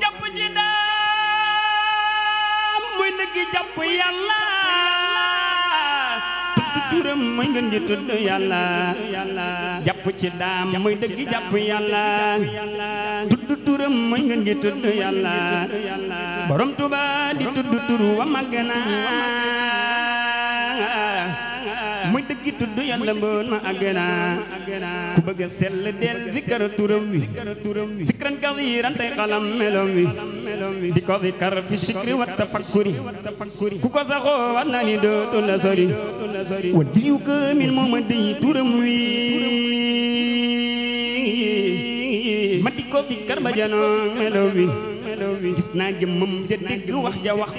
jàpp ji daam muy dëgg jàpp yàlla tudd turam ngeen di tudd yàlla jàpp ci daam muy dëgg jàpp yàlla tudd turam muy ngeen di tudd yàlla borom tuba di wa mag naa muy dëgg tudd yàlla mboon ma àgg naa ku bëgg a sell del zikkar turam wi zikran kasiiran tey xalam meloom wi di ko zikkar fi sikri wa tafakkuri ku ko saxoo war naa ni dootu la sori wa diyu kaamil moo ma turam wi ma di ko zikkar ba janoo meloom wi gis naa jëmmam ja dégg wax ja wax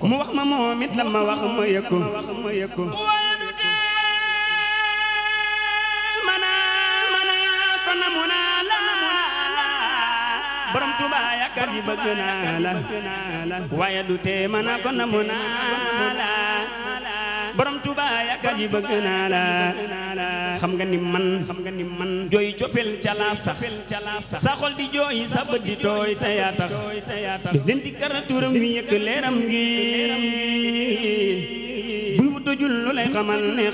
ko mu wax ma moom it la ma wax ma yëg borom Tuuba yaakaar yi bëgg naa la waaye du tee mën a ko namu naa la borom Tuuba yaakaar yi bëgg naa xam nga ni man xam nga ni man jooy cofel ca laa sax sa xol di jooy sa bët di tooy sa yaa tax di leen wi yëkk leeram gi lu jullu lay xamal ne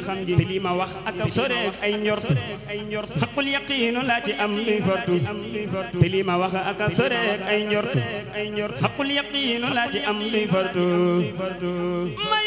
xam ji te lii ma wax ak a soreek ay njort xaqul yaqiinu laa ci am luy fortu te lii ma wax ak a soreek ay njort xaqul yaqiinu laa ci am luy fortu may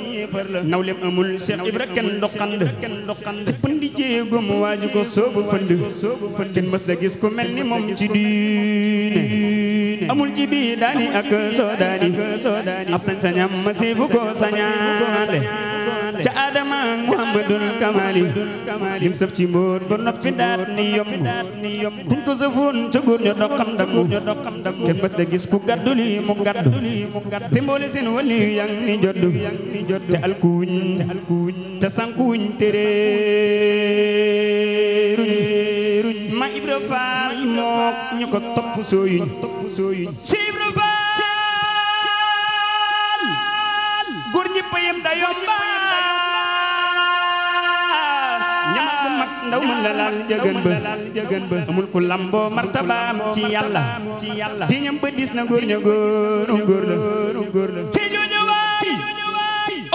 nawleem amul Cheikh Ibra kenn doqand ci pëndi jéegoom waaju ko soobu fënd kenn mës gis ku mel ni moom ci diine amul ci bii daani ak soo daani ab sañ sañam masiifu ko sañaale ca Adama ak Muhammadul Kamali lim sëf ci mbóot ba noppi daat ni yomb kuñ ko sëfoon ca góor ña dog xam ndaggu kenn mës da gis ku gaddu lii mu gaddu te mboole seen wali yang ni joddu te alkuuñ te sankuuñ te réeruñ ma Ibra Faal mook ñu ko topp sooyuñ si Ibra Faal góor ñi payam da yomba ku mat ndaw mën la laal jëgën ba jëgën ba amul ku lamboo martabaam ci yàlla ci yàlla tiñam ba dis na góor ña góor um um la ci jooja waay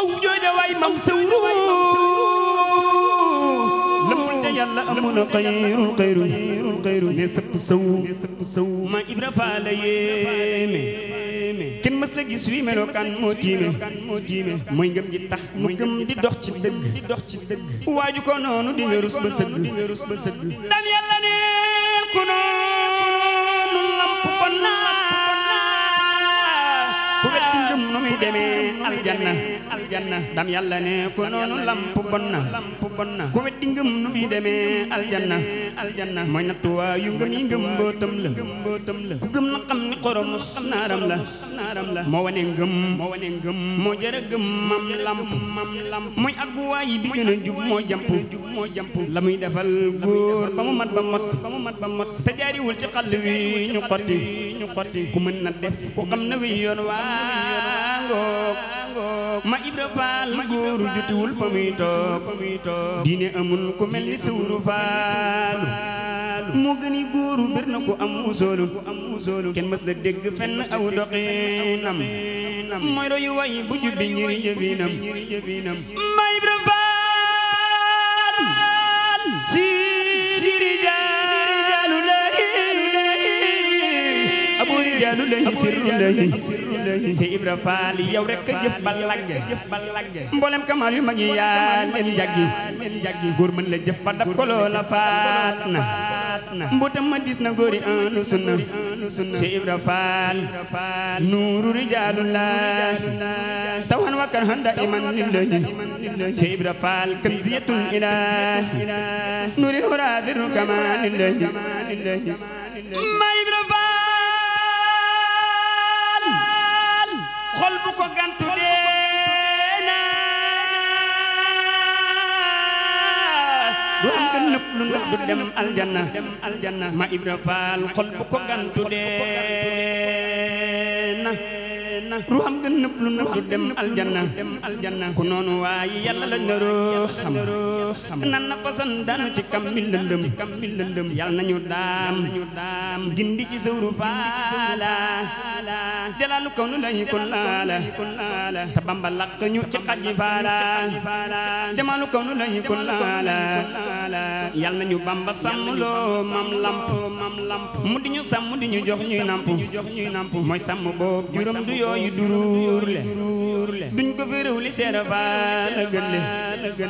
aw jooja waay maw lëmbul ca yàlla amuna xayrul xayrul xayrul ne sëpp saw ma ibra faa la yéeme la gis wi melokaan moo tiime moo tiime mooy ngëm gi tax mu gëm di dox ci dëgg di dox ci dëgg waaju ko noonu di nga rus ba sëgg di yàlla ne ku noonu lamp bon naa ku wet nu muy demee aljanna aljanna ndam yàlla ne ko noonu lamp bon na ku weddi ngëm nu muy demee aljanna aljanna mooy nattuwaayu ngëm yi ngëm mbootam la ku gëm na xam ni xorom naaram la la moo wane ngëm moo wane ngëm moo jërë gëm mam lamp mam lamp mooy àgguwaay bi gën a jub moo jamp moo jamp la muy defal góor ba mu mat ba mot ba mu mat ba mot te jaariwul ci xàll wi ñu xotti ñu xotti ku mën na def ku xam na wi yoon waa ngoog ma Ibra Faal góoru jotiwul fa muy toog diine amul ku mel ni Sawru Faalu moo gëni góoru bir ku am musoolu kenn mës dégg fenn aw doxinam mooy royu way bu jubbi ma Ibra Faal si rijaalu lay abu rijaalu lay sirru lay si Ibra Faal yow rek jëf ba lagge mboolem kamal yu mag yi yaa leen jaggi góor mën jëf ba dab ko loola faat na mbuutam ma dis na góori anu sunna si Ibra Faal nuuru rijaalullah tawan wa kan iman lillahi si Ibra Faal kanziyatul ilahi nuuril huraa birru kamaalillahi ma Ibra ko gantu deena du ma Ibra Faal xol bu ko gantu deena janna ruuxam nga nëb lu nëb du dem aljanna dem aljanna ku noonu waaye yàlla lañ na roo xam nan na pasan daanu ci kam mi lëndëm kam mi lëndëm ñu nañu daam gindi ci sawru faala jalaalu kaw nu lañu kon laala te bamba lakk ñu ci xaji faala jamaalu kaw nu lañu kon laala bamba sàmm mam lamp mam lamp mu di ñu sàmm di ñu jox ñuy namp mooy sàmm boobu juróom du yooyu ñuy duruur le duñ ko fi réew li seena faa la gën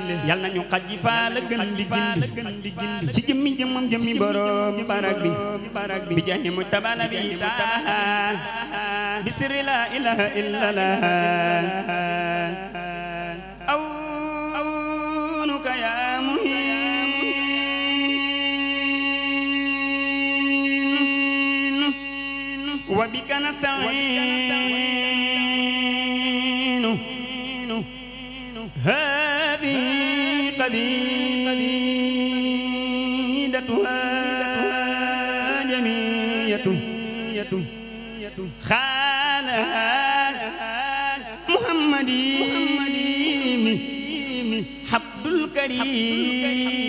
le yal na ñu xaj ji faa la gën di gindi ci jëmmi jëmmam jëmmi borom barak bi bi jaay mu tabana bi taaha bi sirri la ilaha illa la aw awnuka yaa muhiim وبك نستعين قليدتها جميعة خانها محمدي حبد الكريم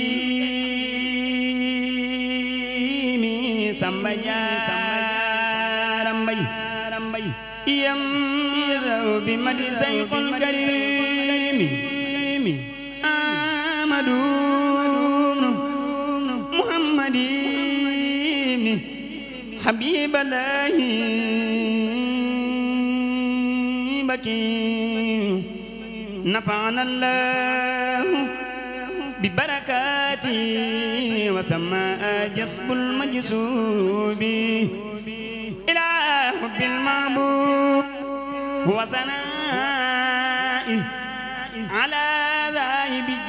سمبيا رمبي يمر بمد سيق الكريم حبيب الله بكي نفعنا الله ببركاته وسمى جسب المجسوب إلى حب المعبود وثنائه على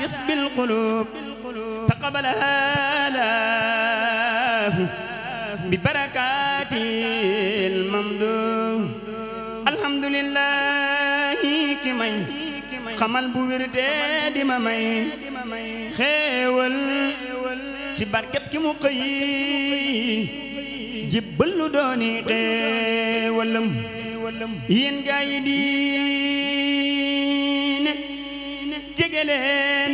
حسب القلوب تقبلها له ببركات الممدوح الحمد لله ki may xamal bu wértee di ma may xéewal ci barkeb ki mu xëy jibbal lu dooni xéewalam yéen gaa yi di leen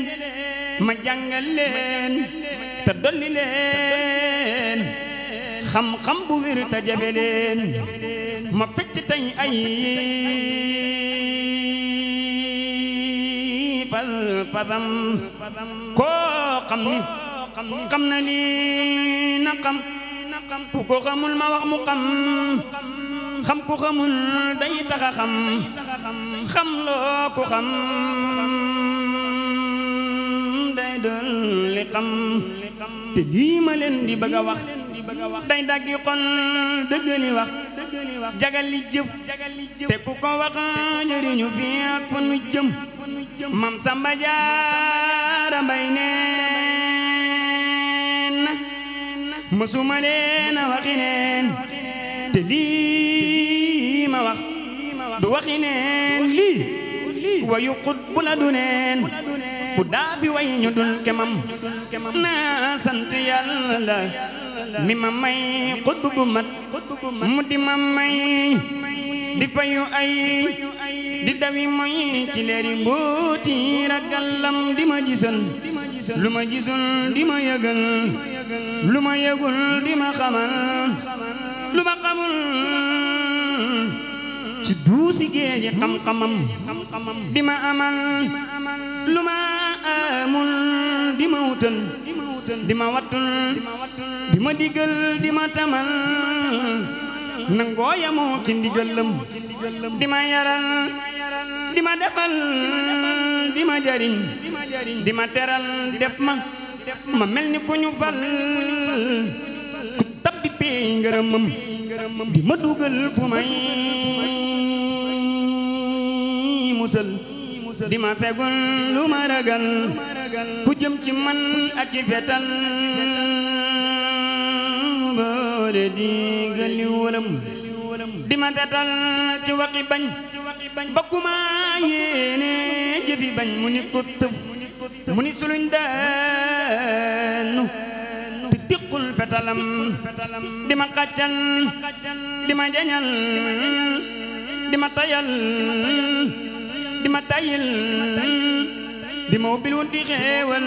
ma jàngal leen te dolli leen xam-xam bu wér te ma fecc tey ay fas fasam koo xam ni xam na lii na xam ku ko xamul ma mu xam xam ku xamul day tax a xam loo ku doon li xam te di bëgg a wax day daggi xol dëgg wax jagal li jëf te ku ko wax njëriñu fi ak nu jëm mam samba jaara mbay neen mësuma leen waxi neen te ma wax du waxi neen lii wayu xut bu du neen ku daa fi way ñu dul kemam naa sant yàlla mi ma may xutbu bu mat mu di ma may di fayu ay di dawi moy ci leeri mbooti ragallam di ma gisal lu ma gisul di ma yëgal lu ma yëgul di ma xamal lu ma xamul ci duusi géeji xam-xamam di ma amal aamun di ma wutal di ma wattul di ma digal di ma tamal nangoo yamoo ki ndigalam di ma yaral di ma defal di ma jariñ di ma teral def ma ma mel ni ku ñu fal ku tabbi peey ngërëmam di ma dugal fu may musal di ma fegul lu ma ku jëm ci man ak i fetal boole di gëli wëlam di ma datal ci waxi bañ bakkuma yéene jëfi bañ mu ni ko tëb mu ni suluñ daanu te tiqul fetalam di ma xàccal di ma jañal di ma tayal di ma tayil di ma ubbil wut di xeewal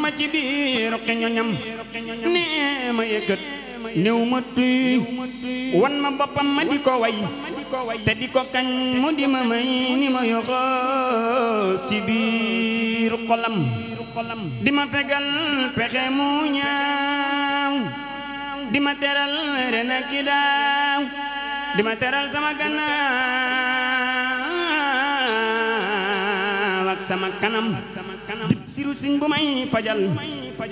ma ci biiru xeñoñam nee ma yëkkat néew ma tuy wan ma boppam ma di ko way te di ko kañ mu di ma may ni ma yoxoos ci biiru xolam di ma fegal pexe mu ñaaw di ma teral ren ak ki di ma teral sama gannaaw sama kanam di siru siñ bu may fajal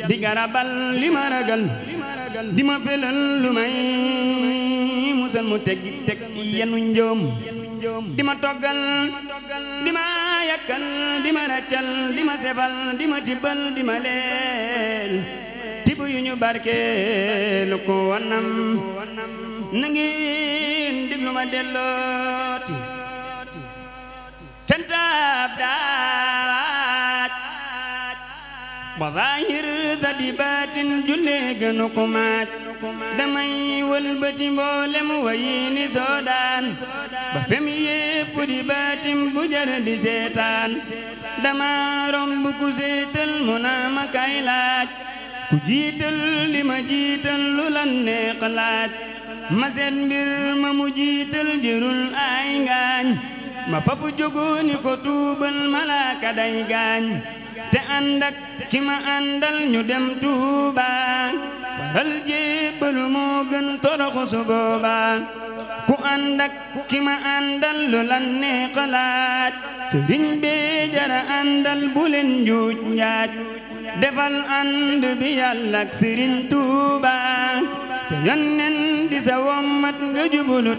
di garabal li ma ragal di ma felal lu may musal mu teg teg yenu njoom di ma toggal di ma yakkal di ma raccal di ma sebal di ma tibbal di ma leel tibb yu ñu barkeel ko wanam na ngeen déglu ma dellooti تنتاب داوات وظاهر ذدبات جلق نقمات damay wëlbati mboolem wayi ni soodaan ba fem yépp di baatim bu jar di seetaan dama romb ku seetal mu naa ma kay ku jiital li ma jiital lu la neex laaj ma seet mbir ma mu jiital jërul ay ngaañ ma fap jógooni ko tuubal malaaka day gaañ te ànd ki ma àndal ñu dem tuuba faral jébbalu moo gën toroxu su ku ànd ki ma àndal lu lan nee xalaat bee jara àndal bu leen njaaj defal ànd bi yàlla ak sëriñ tuuba te yonnen di sa wommat nga jubulu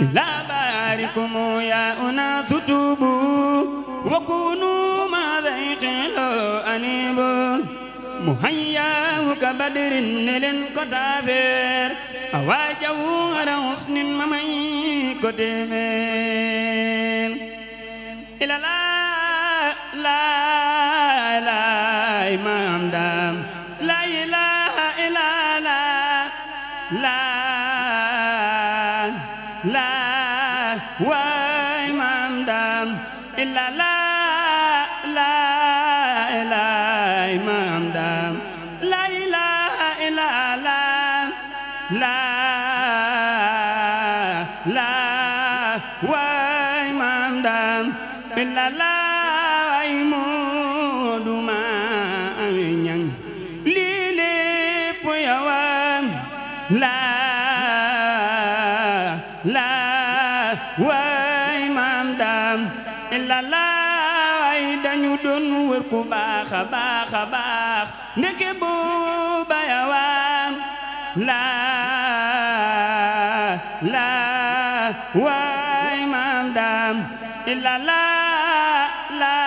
لا باركم يا أناس توبوا وكونوا ما ذيق لو أنيبوا مهياه كبدر للكتابر أواجه على حسن ممن كتمين إلى لا لا لا إمام دام laa laa waay maam daan billa laay moodu maa amee ñang lii lépp yawaan laa laa waay maam daan billa laay dañu doon wër ku baax a baax a baax ndeke booba laa laa waay maam daam illa laa laa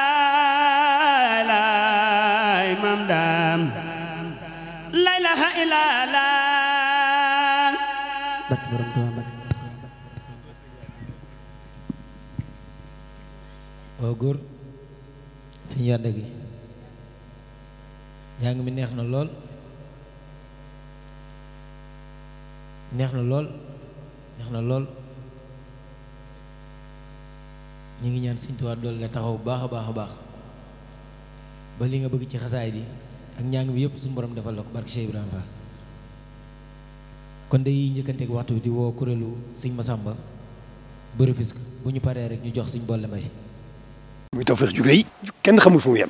laay laa ilaaha góor si njànd gi njàng mi neex na lool neex na lool neex na lool ñu ngi ñaan Sëñ Tuubaa dool la taxaw baax a baax a baax ba li nga bëgg ci xasaay bi ak ñaang bi yëpp suñu borom defal la ko barke Cheikh Ibrahima Fall kon day waxtu bi di woo kuréelu Sëñ Masamba Bërëfisk bu ñu paree rek ñu jox Sëñ Bolle Mbay muy tawfeex ju rëy kenn xamul fu yem